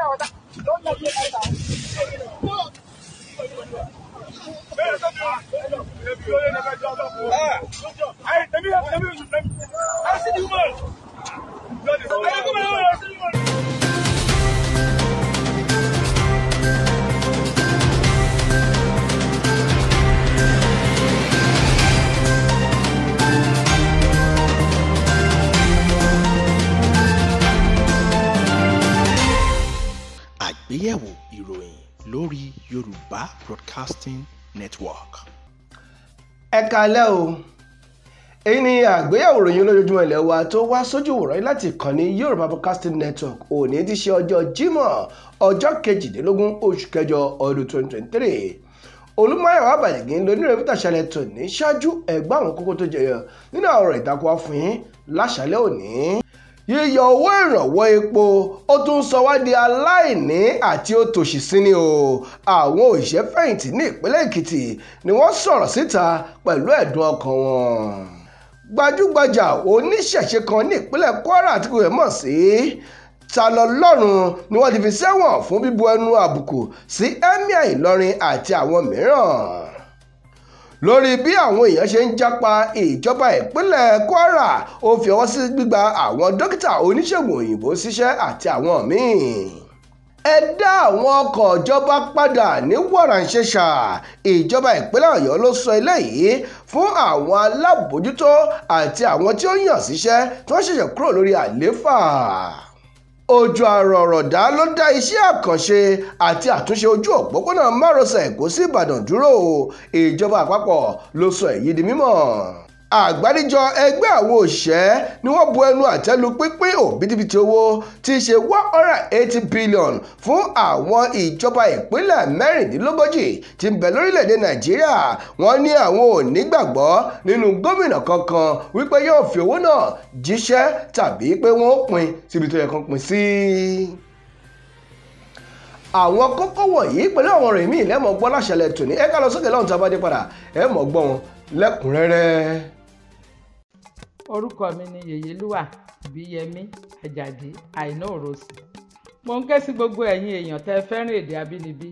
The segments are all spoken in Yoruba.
I see the woman. àgbéyẹ̀wò ìròyìn lórí Yorùbá Broadcasting Network. ẹ kalẹ́ o èyí ni àgbéyẹ̀wò ìròyìn olójoojúmọ́ ilẹ̀ wa tó wá sójú wòrán láti ìkànnì Yorùbá Broadcasting Network òní ti ṣe ọjọ́ Jímọ̀ ọjọ́ kejìdínlógún oṣù kẹjọ ọdún 2023 olùmọ̀yàwó àbàlẹ̀gí lónírèé tàṣálẹ̀ tòní ṣáájú ẹ̀gbọ́n àwọn kókó tó jẹyọ nínú ọ̀rọ̀ ìtàkùn àfihàn láṣálẹ̀ òní yíyọ owó ìrànwọ́ epo ó tún sọ wá di aláìní àti òtòṣì sí ni o àwọn òṣìṣẹ́fẹ̀yìntì ní ìpínlẹ̀ Èkìtì ni wọ́n sọ̀rọ̀ síta pẹ̀lú ẹ̀dùn ọkàn wọn gbajúgbajà oníṣẹ̀ṣe kan ní ìpínlẹ̀ Kwara àti kò rẹ̀ mọ̀ sí Talọlọ́run ni wọ́n ti fi sẹ́wọ̀n fún bíbu ẹnu àbùkù sí Emir Ìlọrin àti àwọn mìíràn lórí bí àwọn èèyàn ṣe ń japa ìjọba ìpínlẹ̀ Kwara ó fi ọwọ́ sí gbígba àwọn dókítà oníṣègùn òyìnbó síṣẹ́ àti àwọn míì ẹ dá àwọn ọkọ̀ ìjọba padà ní wọ̀rànṣẹ́ṣà ìjọba ìpínlẹ̀ ọ̀yọ́ ló sọ eléyìí fún àwọn alábòójútó àti àwọn tí ó yàn síṣẹ́ tí wọ́n ṣẹ̀ṣẹ̀ kúrò lórí àlééfà ojú àrò ọ̀rọ̀dá ló dá iṣẹ́ àkànṣe àti àtúnṣe ojú òpópónà márosẹ̀ Èkó sí Ìbàdàn dúró ìjọba àpapọ̀ ló sọ èyí di mímọ̀ àgbáríjọ ẹgbẹ́ àwọn òṣìṣẹ́ ni wọ́n bu ẹnu àtẹ́ lu pínpín òbítíbitì owó tí í ṣe one hundred eighty billion fún àwọn ìjọba ìpínlẹ̀ mẹ́rìndínlógójì tí ń bẹ lórílẹ̀‐èdè nàìjíríà wọ́n ní àwọn ò nígbàgbọ́ nínú gómìnà kankan wípé yóò fi owó náà jíṣẹ́ tàbí pé wọ́n pín síbi tó yẹ kán pín sí. àwọn kókó wọ̀nyí pẹ̀lú àwọn ọ̀rọ̀ ìmí ìlẹ́mọ̀gbọ́ láṣẹlẹ̀ tòní ẹ̀ka lọ sókè lọ́hùn tí a bá dé padà ẹ̀ mọ̀ gbọ́ wọn lẹ́kùnrẹ́rẹ́ orúkọ mi ni yèyélúwà ìbíyẹmí àjàdí àìná òròsì mo ń ké sí gbogbo ẹ̀yin èèyàn tẹ́ fẹ́ràn èdè abínibí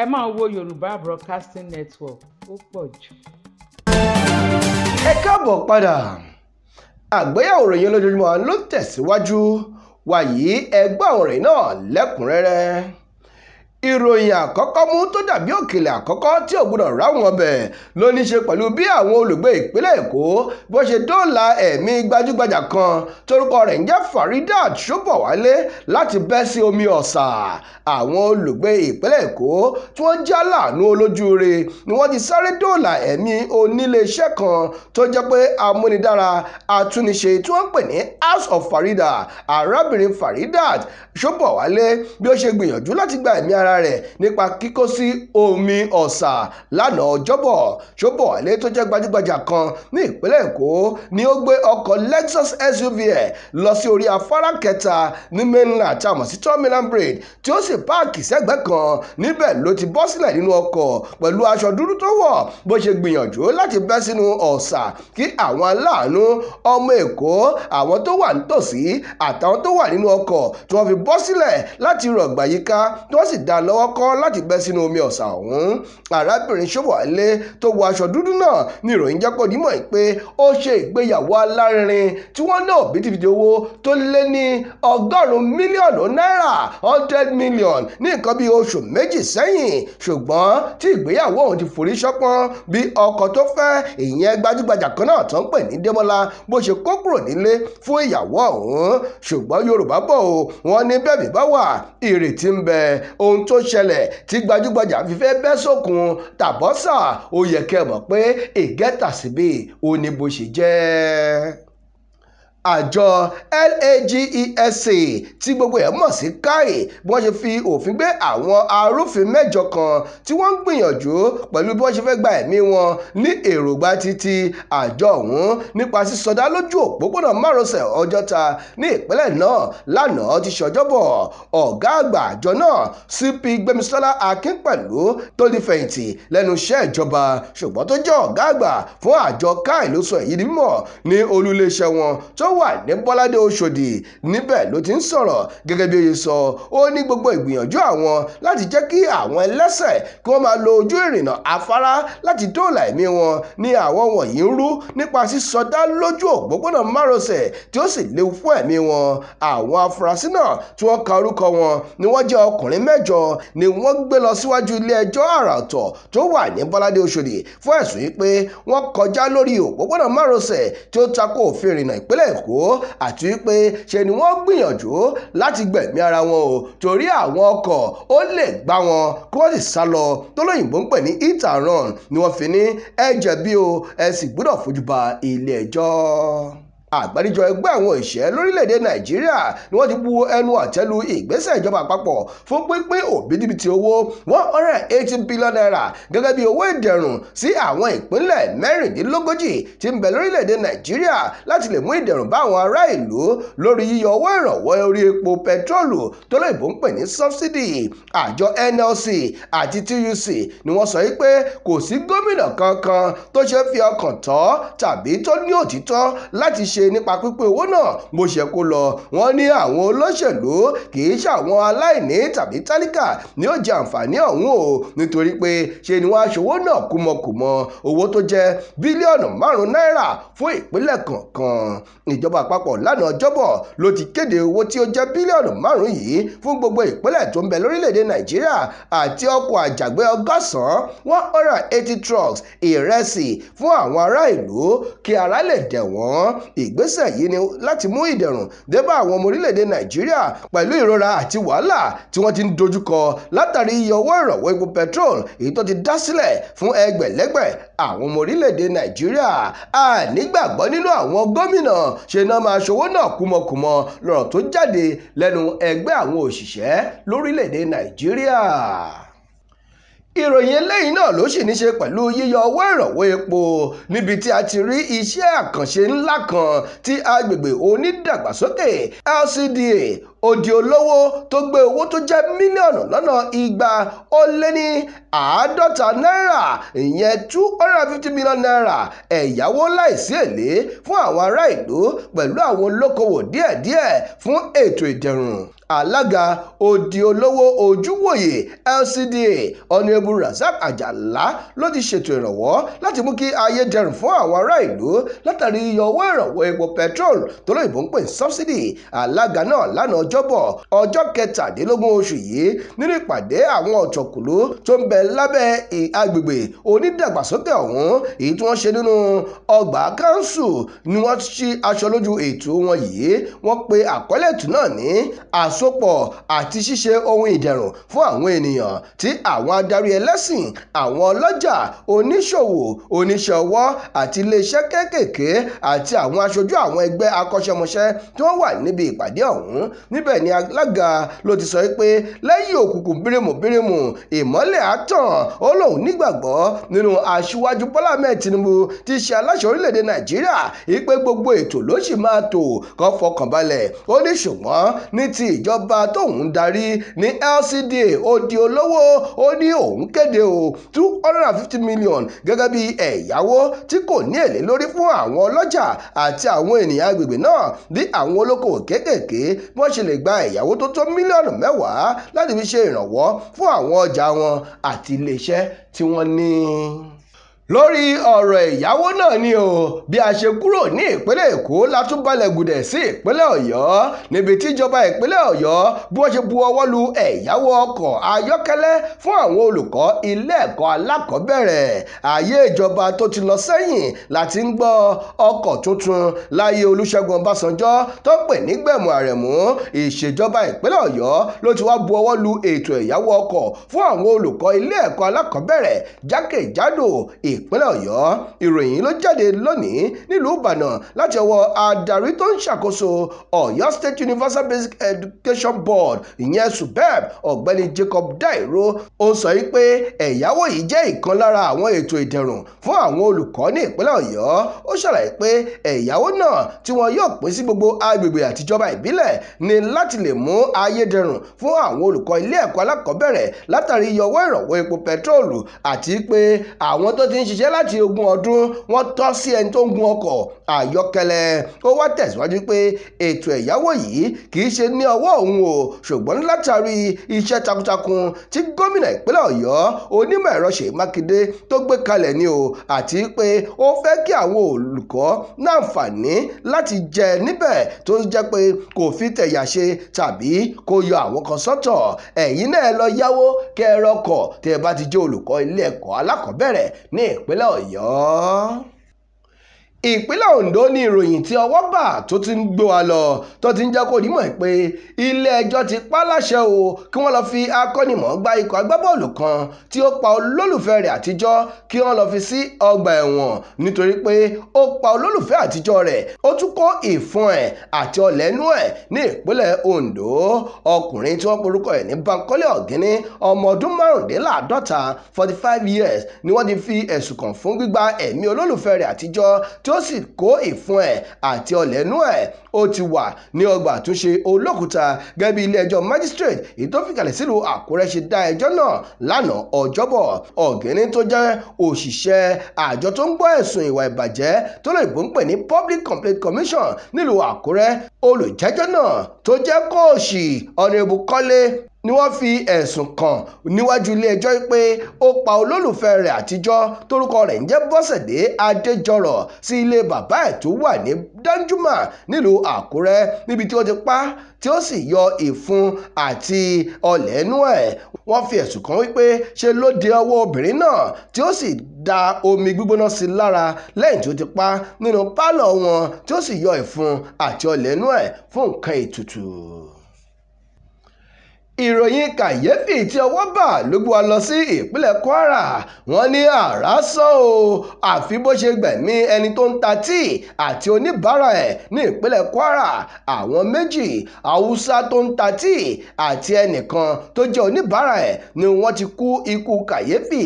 ẹ máa wo yorùbá broadcasting network ó pọ̀ jù. ẹ káàbọ̀ padà àgbéyẹ̀wò ròyìn olójoojúmọ́ ló tẹ̀síwájú wàyí ẹgbẹ́ àwọn ròyìn náà lẹ́kùnrẹ́rẹ́ ìròyìn àkọ́kọ́ mú tó dàbí òkèlè àkọ́kọ́ tí ò gbọdọ̀ ráwọn ọbẹ̀ ló ní ṣe pẹ̀lú bí àwọn olùgbé ìpínlẹ̀ èkó bó ṣe dóòlà ẹ̀mí gbajúgbajà kan torúkọ rẹ̀ ń jẹ́ Faridat Ṣóbọ̀wálé láti bẹ́ sí omi ọ̀sà àwọn olùgbé ìpínlẹ̀ èkó tí wọ́n jẹ́ aláàánú olójúure ni wọ́n ti sáré dóòlà ẹ̀mí oníléeṣẹ́ kan tó jẹ́ pé amúnidára atúniṣe tí wọ́n pè ní House of Farida arábìnrin Faridat Ṣóbọ̀wálé bí ó ṣe gbìyànjú láti gba ẹ̀mí ara rẹ̀ nípa kíkó sí omi ọ̀sà lánàá ọjọ́bọ̀ ṣọ́bọ̀ ilé tó jẹ́ gbajúgbajà kan ní ìpínlẹ̀ èkó ni ó gbé ọkọ̀ lexus suv ẹ̀ lọ sí orí afárá kẹta ní mainland tá a mọ̀ sí terminal bridge tí ó sì páàkì sẹ́gbẹ́ kan níbẹ̀ ló ti bọ́ sílẹ̀ nínú ọkọ̀ pẹ̀lú aṣọ dúdú tó wọ̀ bó ṣe gbìyànjú láti bẹ́ sínú ọ̀sà kí àwọn aláàánú ọmọ èkó àwọn tó wà nítòsí àtàwọn tó wà nínú ọkọ̀ tí wọ́n fi bọ́ sílẹ̀ láti rọ̀gbà yíká tí wọ́n sì dá ìta lọ́wọ́ kọ́ láti bẹ́ sínú omi ọ̀sà ọ̀hún arábìnrin ṣọ́bọ̀wálé tó wọ aṣọ dúdú náà ni ìròyìn jẹ́ kó dímọ̀ pé ó ṣe ìgbéyàwó alárinrin tí wọ́n ná òbítíbitì owó tó lé ní ọgọ́rùn-ún mílíọ̀nù náírà hundred million ní nǹkan bíi oṣù méjì sẹ́yìn ṣùgbọ́n tí ìgbéyàwó òun ti forí ṣọpọ́n bí ọkọ tó fẹ́ ìyẹn gbajúgbajà kan náà tó ń pè ní Dẹ́mọ́lá bó ṣe kó kúrò nílé fún ìyàwó ọ̀hún ṣùgbọ́n Yorùbá bọ̀ o wọ́n ní bẹ́ẹ̀ bí bá wà ìrètí ń bẹ ohun ohun tó ṣẹlẹ̀ tí gbajúgbajà fi fẹ́ bẹ́ sókun tàbọ́sà ó yẹ kẹ́ mọ̀ pé ìgẹ́tàsíbì ó ní bó ṣe jẹ́ àjọ LAGESA e tí gbogbo ẹ̀ mọ̀ sí káì bí wọ́n ṣe fi òfin gbé àwọn arúfin mẹ́jọ kan tí wọ́n ń gbìyànjú pẹ̀lú bí wọ́n ṣe fẹ́ gba ẹ̀mí wọn ní èrògbà títí àjọ ọ̀hún nípa sísọdá lójú òpópónà márosẹ̀ ọjọ́ta ní ìpínlẹ̀ náà lánàá ti ṣọjọ́bọ̀ ọ̀gá àgbà àjọ náà CP Gbémisọ́lá Akínpẹ̀lú tó ti fẹ̀yìntì lẹ́nu iṣẹ́ ìjọba ṣùgbọ́n tó jẹ́ ọ̀gá àgbà fún àjọ káì ló sọ èyí di mímọ̀ ní olú wọn tó wà ní bọ́ládé oṣòdì níbẹ̀ ló ti ń sọ̀rọ̀ gẹ́gẹ́ bí oye sọ ó ní gbogbo ìgbìyànjú àwọn láti jẹ́ kí àwọn ẹlẹ́sẹ̀ kí wọ́n máa lo ojú ìrìnnà afárá láti dóòlà ẹ̀mí wọn ní àwọn wọ̀nyí ń rú nípa sísọdá lójú òpópónà márosẹ̀ tí ó sì léwu fún ẹ̀mí wọn àwọn afurasí náà tí wọ́n ka orúkọ wọn ni wọ́n jẹ́ ọkùnrin mẹ́jọ ni wọ́n gbé lọ síwájú ilé ẹjọ́ àrà ọ̀tọ̀ tó wà ní bọ́ládé oṣòdì fún ẹ̀sùn yìí pé wọ́n kọjá lórí òpópónà márosẹ̀ tí ó tako òfin ìrìnnà ìpínlẹ̀ èkó kó àti pé ṣe ni wọ́n gbìyànjú láti gbẹ̀mí ara wọn o torí àwọn ọkọ̀ ó lè gbá wọn kí wọ́n sì sá lọ tólóyìnbó ń pè ní hit ni wọ́n fi ní ẹ jẹ̀bi o ẹ sì fojú ba ilé ẹjọ́ àgbáríjọ ẹgbẹ́ àwọn òṣìṣẹ́ lórílẹ̀‐èdè nàìjíríà ni wọ́n ti bu ẹnu àtẹ́lu ìgbésẹ̀ ìjọba àpapọ̀ fún pínpín òbítíbitì owó one hundred and eighty billion naira gẹ́gẹ́ bí owó ìdẹ̀rùn sí àwọn ìpínlẹ̀ mẹ́rìndínlógójì tí ń bẹ lórílẹ̀‐èdè nàìjíríà láti lè mú ìdẹ̀rùn bá àwọn ará ìlú lórí yíyọ owó ìrànwọ́ orí epo pẹtrólù tó lóyìnbó ń pè ní subsidy àjọ NLC àti TUC ni wọ́n sọ pé kò sí gómìnà kankan tó ṣe fi ọkàn tọ́ tàbí tó ní òtítọ́ láti ṣe nípa pípín owó náà bó ṣe kó lọ wọ́n ní àwọn olóṣèlú kì í ṣàwọn aláìní tàbí tálíkà ni ó jẹ àǹfààní ọ̀hún o nítorí pé ṣe ni wọ́n aṣòwò náà kúmọkùmọ owó tó jẹ́ bílíọ̀nù márùn-ún náírà fún ìpínlẹ̀ kọ̀ọ̀kan ìjọba àpapọ̀ lánàá ọjọ́bọ̀ ló ti kéde owó tí ó jẹ́ bílíọ̀nù márùn yìí fún gbogbo ìpínlẹ̀ tó ń bẹ lórílẹ̀ nàìjíríà àti ọkọ̀ àjàgbé ọgọ́sàn one hundred eighty trucks ìrẹsì fún àwọn ará ìlú kí ara lè dẹ̀ wọ́n ìgbésẹ̀ yìí ni láti mú ìdẹ̀rùn débá àwọn ọmọ orílẹ̀-èdè nàìjíríà pẹ̀lú ìrora àti wàhálà tí wọ́n ti ń dojúkọ látàrí iye owó ìrànwọ́ epo petrol èyí tó ti dá sílẹ̀ fún ẹgbẹ̀lẹ́gbẹ̀ àwọn ọmọ orílẹ̀-èdè nàìjíríà ànígbàgbọ́ nínú àwọn gómìnà ṣe náà máa ṣòwò náà kúmọkùmọ lọ́rọ̀ tó jáde lẹ́nu ẹgbẹ́ àwọn òṣìṣẹ́ lórílẹ̀-èdè nàìjíríà ìròyìn eléyìí náà ló sì ní ṣe pẹ̀lú yíyọ owó ìrànwọ́ epo níbi tí a ti rí iṣẹ́ àkànṣe ńlá kan tí agbègbè onídàgbàsókè LCDA odi olówó tó gbé owó tó jẹ́ mílíọ̀nù lọ́nà igba ó lé ní àádọ́ta náírà ìyẹn two hundred and fifty million naira ẹ̀yáwó láìsí èlé fún àwọn ará ìlú pẹ̀lú àwọn olókoòwò díẹ̀díẹ̀ fún ètò ìdẹ̀rùn alága odi olówó ojúwòye LCDA ọ̀nẹ́bù Razak Àjàlá ló ti ṣètò ìrànwọ́ láti mú kí ayé dẹrùn fún àwọn ará ìlú látàrí iye owó ìrànwọ́ epo petrol tó lóyìnbó ń pè ní subsidy alága náà lánàá ọjọ́bọ̀ ọjọ́ kẹtàdínlógún oṣù yìí nínú ìpàdé àwọn ọ̀tọ̀kùlú tó ń bẹ lábẹ́ agbègbè onídàgbàsókè ọ̀hún èyí tí wọ́n ṣe nínú ọgbà kanṣu ni wọ́n ṣí aṣọ lójú ètò wọn yìí wọ́n pe àkọlé ètò náà ní as àsopọ̀ àti ṣíṣe ohun ìdẹ̀rùn fún àwọn ènìyàn tí àwọn adarí ẹlẹ́sìn àwọn ọlọ́jà oníṣòwò oníṣẹ́ ọwọ́ àti iléeṣẹ́ kéékèèké àti àwọn aṣojú àwọn ẹgbẹ́ akọ́ṣẹ́mọṣẹ́ tí wọ́n wà níbi ìpàdé ọ̀hún níbẹ̀ ni alága ló ti sọ pé lẹ́yìn òkùnkùn bírímùbírímù ìmọ́lẹ̀ àtàn ó lóun nígbàgbọ́ nínú aṣíwájú bọ́lá mẹ́ẹ̀ tinubu ti ṣe aláṣẹ orílẹ̀-èdè nàìjíríà ìpè gbogbo ètò ló sì máa tò kó fọkànbalẹ̀ ó ní ṣùgbọ́n ti ìjọba tóun darí ní LCDA ó di olówó ó ní òun kéde o two hundred and fifty million gẹ́gẹ́ bí ẹ̀yáwó tí kò ní èlé lórí fún àwọn ọlọ́jà àti àwọn ènìyàn agbègbè náà bí àwọn olókòwò kéékèèké bí wọ́n ṣe lè gba ẹ̀yáwó tó tó mílíọ̀nù mẹ́wàá láti fi ṣe ìrànwọ́ fún àwọn ọjà wọn àti iléeṣẹ́ tí wọ́n ní lórí ọ̀rọ̀ ẹ̀yáwó náà ni o bí a ṣe kúrò ní ìpínlẹ̀ èkó látúbalẹ̀ gùdẹ̀ sí ìpínlẹ̀ ọ̀yọ́ níbi tíjọba ìpínlẹ̀ ọ̀yọ́ bí wọ́n ṣe bu ọwọ́ lu ẹ̀yáwó ọkọ̀ ayọ́kẹ́lẹ́ fún àwọn olùkọ́ ilé ẹ̀kọ́ alákọ̀ọ́bẹ̀rẹ̀ ààyè ìjọba tó ti lọ sẹ́yìn láti ń gbọ́ ọkọ̀ tuntun láyé olúṣẹ́gun ọbásanjọ́ tó pè ní gbẹ̀mù àrẹ̀mú ìṣèjọba ìpínlẹ̀ ọ̀yọ́ ló ti wá bu ọwọ́ ìpínlẹ̀ ọ̀yọ́ ìròyìn ló jáde lónìí nílùú ìbàdàn láti ọwọ́ adarí tó ń ṣàkóso ọ̀yọ́ state universal basic education board ìyẹn subeb ọ̀gbẹ́ni jacob dairo ó sọ yìí pé ẹ̀yáwó yìí jẹ́ ìkan lára àwọn ètò ìdẹ̀rùn fún àwọn olùkọ́ ní ìpínlẹ̀ ọ̀yọ́ ó ṣàlàyé pé ẹ̀yáwó náà tí wọn yóò pín sí gbogbo agbègbè àtijọba ìbílẹ̀ ni láti lè mú ayédẹrùn fún àwọn olùkọ́ ilé ẹ̀kọ́ alákọ̀ọ́bẹ̀rẹ̀ látàrí yọwọ́ ìrànwọ́ epo pẹtrólù àti pé àwọn tó ti ń ń ṣiṣẹ́ láti ogún ọdún wọ́n tọ́ sí ẹni tó ń gun ọkọ̀ àyọkẹ́lẹ́ ó wá tẹ̀síwájú pé ètò ẹ̀yáwó yìí kì í ṣe ní ọwọ́ òun o ṣùgbọ́n látàrí iṣẹ́ takuntakun tí gómìnà ìpínlẹ̀ ọ̀yọ́ onímọ̀ ẹ̀rọ ṣèyí mákindé tó gbé kalẹ̀ ni o àti pé ó fẹ́ kí àwọn olùkọ́ láǹfààní láti jẹ níbẹ̀ tó jẹ́ pé kò fi tẹ̀yà ṣe tàbí kó yọ àwọn kan sọ́tọ̀ ẹ̀yin náà lọ yáwó kẹrọkọ̀ tẹ́ ẹ bá ti jẹ́ olùkọ́ ilé ẹ̀kọ́ alákọ̀ọ́bẹ̀rẹ̀ ní ìpínlẹ̀ ọ̀yọ́ ìpínlẹ̀ Ondo ni ìròyìn tí ọwọ́ bà tó ti ń gbé wa lọ tó ti ń jẹ́ kó nímọ̀ pé ilé-ẹjọ́ ti pa láṣẹ o kí wọ́n lọ fi akọ́nimọ̀ọ́gbá ikọ̀ agbábọ́ọ̀lù kan tí ó pa olólùfẹ́ rẹ̀ àtijọ́ kí wọ́n lọ fi sí ọgbà ẹ̀wọ̀n nítorí pé ó pa olólùfẹ́ àtijọ́ rẹ̀ ó tún kó ìfun ẹ̀ àti ọ̀lẹ̀ inú ẹ̀ ní ìpínlẹ̀ Ondo ọkùnrin tí wọ́n porúkọ ẹ̀ ní Bankole Ọ̀gíní ọmọ ọdún márùndínláàdọ́ta forty five years ni wọ́n ti fi ẹ̀sùn kàn fún gbígba ẹ̀mí olólùfẹ́ rẹ̀ àtijọ́ tí tó sì kó ìfun ẹ̀ àti ọlẹ̀ inú ẹ̀ ó ti wà ní ọgbà àtúnṣe olókùúta gẹ́gẹ́ bí ilé-ẹjọ́ magistrate èyí tó fìkàlẹ̀ sílùú àkúrẹ́ ṣe dá ẹjọ́ náà lánàá ọjọ́bọ̀ ọ̀gẹ́ni tó jẹ́ òṣìṣẹ́ àjọ tó ń gbọ́ ẹ̀sùn ìwà ìbàjẹ́ tó lè bó ń pè ní public complaint commission nílùú àkúrẹ́ olùjẹ́jọ́ náà tó jẹ́ kóòṣì ọ̀nẹ́bù kọ́lé ni wọ́n fi ẹ̀sùn kàn níwájú ilé-ẹjọ́ pé ó pa olólùfẹ́ rẹ̀ àtijọ́ torúkọ rẹ̀ ń jẹ́ Bọ́sẹ̀dé Adéjọrọ̀ sí ilé bàbá ẹ̀ tó wà ní Danjuma nílùú Àkúrẹ́ níbi tí wọ́n ti pa tí ó sì yọ ìfun àti ọlẹ̀ ẹnu ẹ̀ wọ́n fi ẹ̀sùn kàn wípé ṣe ló de ọwọ́ obìnrin náà tí ó sì da omi gbígbóná sí i lára lẹ́yìn tí ó ti pa nínú pálọ̀ wọn tí ó sì yọ ìfun àti ọlẹ̀ ẹnu ẹ̀ fún nǹkan ètùtù ìròyìn kàyéfì tí ọwọ́ bà ló gbé wa lọ sí ìpínlẹ̀ Kwara wọ́n ní àrá sọ o àfi bó ṣe gbẹ̀mí ẹni tó ń ta tíì àti oníbàárà ẹ̀ ní ìpínlẹ̀ Kwara àwọn méjì haúsá tó ń ta tíì àti ẹnìkan tó jẹ́ oníbàárà ẹ̀ ni wọ́n ti kú ikú kàyéfì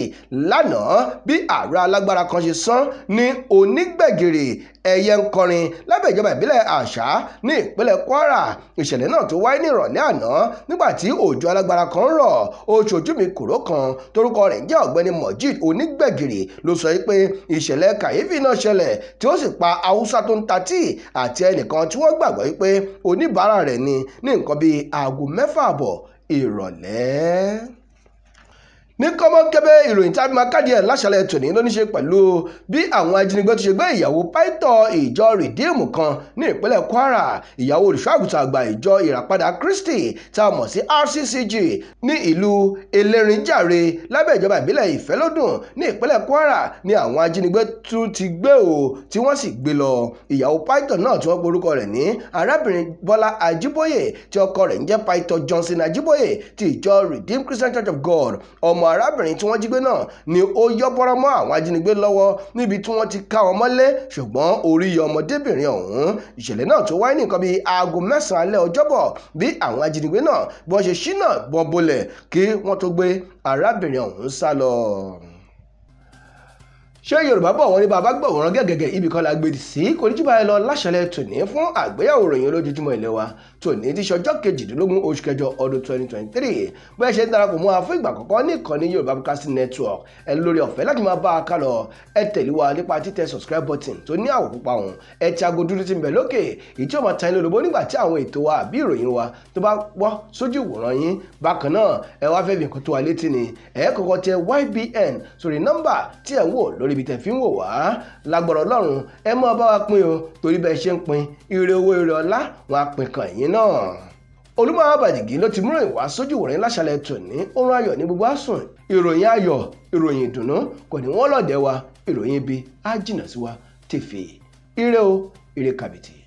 lánàá bí àrá alágbára kan ṣe sán ní onígbẹ̀gìrì ẹyẹ ń kọrin lábẹ́ ìjọba ìbílẹ̀ àṣà ní ìpínlẹ̀ Kwara ìṣẹ̀lẹ̀ náà tó wáyé ní ìrọ̀lẹ́ àná nígbà tí òjò alágbára kan rọ̀ oṣoojú mi kòró kan torúkọ rẹ̀ ń jẹ́ ọ̀gbẹ́ni Mojeed Onígbẹ̀gìrì ló sọ pé ìṣẹ̀lẹ̀ kàyéfì náà ṣẹlẹ̀ tí ó sì pa haúsá tó ń ta tíì àti ẹnìkan tí wọ́n gbàgbọ́ pé oníbàárà rẹ̀ ni ní nǹkan bíi aago mẹ́fà àbọ̀ ìrọ̀lẹ́ ní kọ́mọ́kẹ́bẹ́ ìròyìn tí a fi máa káàdì ẹ̀ láṣàlẹ̀ tòní ló ní ṣe pẹ̀lú bí àwọn ajínigbé ti ṣe gbé ìyàwó pásítọ̀ ìjọ rìdíìmù kan ní ìpínlẹ̀ Kwara ìyàwó olùṣọ́àgùtàn àgbà ìjọ ìràpadà Kristi tá a mọ̀ sí RCCG ní ìlú elérìnjàre lábẹ́ ìjọba ìbílẹ̀ ìfẹ́lódùn ní ìpínlẹ̀ Kwara ni àwọn ajínigbé tún ti gbé o tí wọ́n sì gbé lọ ìyàwó pásítọ̀ náà tí wọ́n porúkọ rẹ̀ ní arábìnrin Bọ́lá Ajíbóyè tí ọkọ rẹ̀ ń jẹ́ pásítọ̀ Johnson Ajíbóyè ti ìjọ Redeemed Christian Church of God ọmọ àwọn arábìnrin tí wọ́n jí gbé náà ni ó yọ́bọ́rọ́ mọ́ àwọn ajínigbé lọ́wọ́ níbi tí wọ́n ti ká wọn mọ́lé ṣùgbọ́n orí ọmọdébìnrin ọ̀hún ìṣẹ̀lẹ̀ náà tó wáyé ní nǹkan bíi aago mẹ́sàn-án alẹ́ ọjọ́bọ̀ bí àwọn ajínigbé náà bí wọ́n ṣe ṣínà bọ́ bolẹ̀ kí wọ́n tó gbé arábìnrin ọ̀hún sá lọ ṣé yorùbá bọ̀ wọ́n ní bàbá gbọ̀wọ́rán gẹ́gẹ́gẹ́ ibì kan la gbèdì sí kò ní jù báyìí lọ tòní ti ṣọjọ́ kejìdínlógún oṣù kẹjọ ọdún 2023 bí ẹ ṣe ń darapọ̀ mọ́ wa fún ìgbà àkọ́kọ́ ní ìkànnì Yorùbá Broadcasting Network ẹ lórí ọ̀fẹ́ láti máa bá a ká lọ ẹ tẹ̀lé wa nípa títẹ subscribe button tó ní àwọ̀ pupa ọ̀hún ẹ ti aago dúdú ti ń bẹ̀ lókè èyí tí ó máa ta ilé olóbó nígbà tí àwọn ètò wa àbí ìròyìn wa tó bá wọ́ sójú ìwòran yín bákan náà ẹ wá fẹ́ fi nǹkan tó wa létí ni ẹ kọ́kọ́ tẹ YBN sórí nọ́mbà tí ẹ ń wò lórí ibi tẹ̀ fi ń wò wá lágbọ̀rọ̀ Ọlọ́run ẹ máa bá wa pín o torí bẹ́ẹ̀ ṣe ń pín ire owó ire ọlá wọn á pín kan yín ìròyìn náà olúmọ abàjìgì ló ti múròyìn wá sójú ìwòrán láṣálẹ́ tòní oorun ayọ̀ ní gbogbo àsùn ìròyìn ayọ̀ ìròyìn ìdùnnú kò ní wọ́n lọ̀dẹ̀ wa ìròyìn ibi á jìnnà sí wa tèfè ire o ire kàbìtì.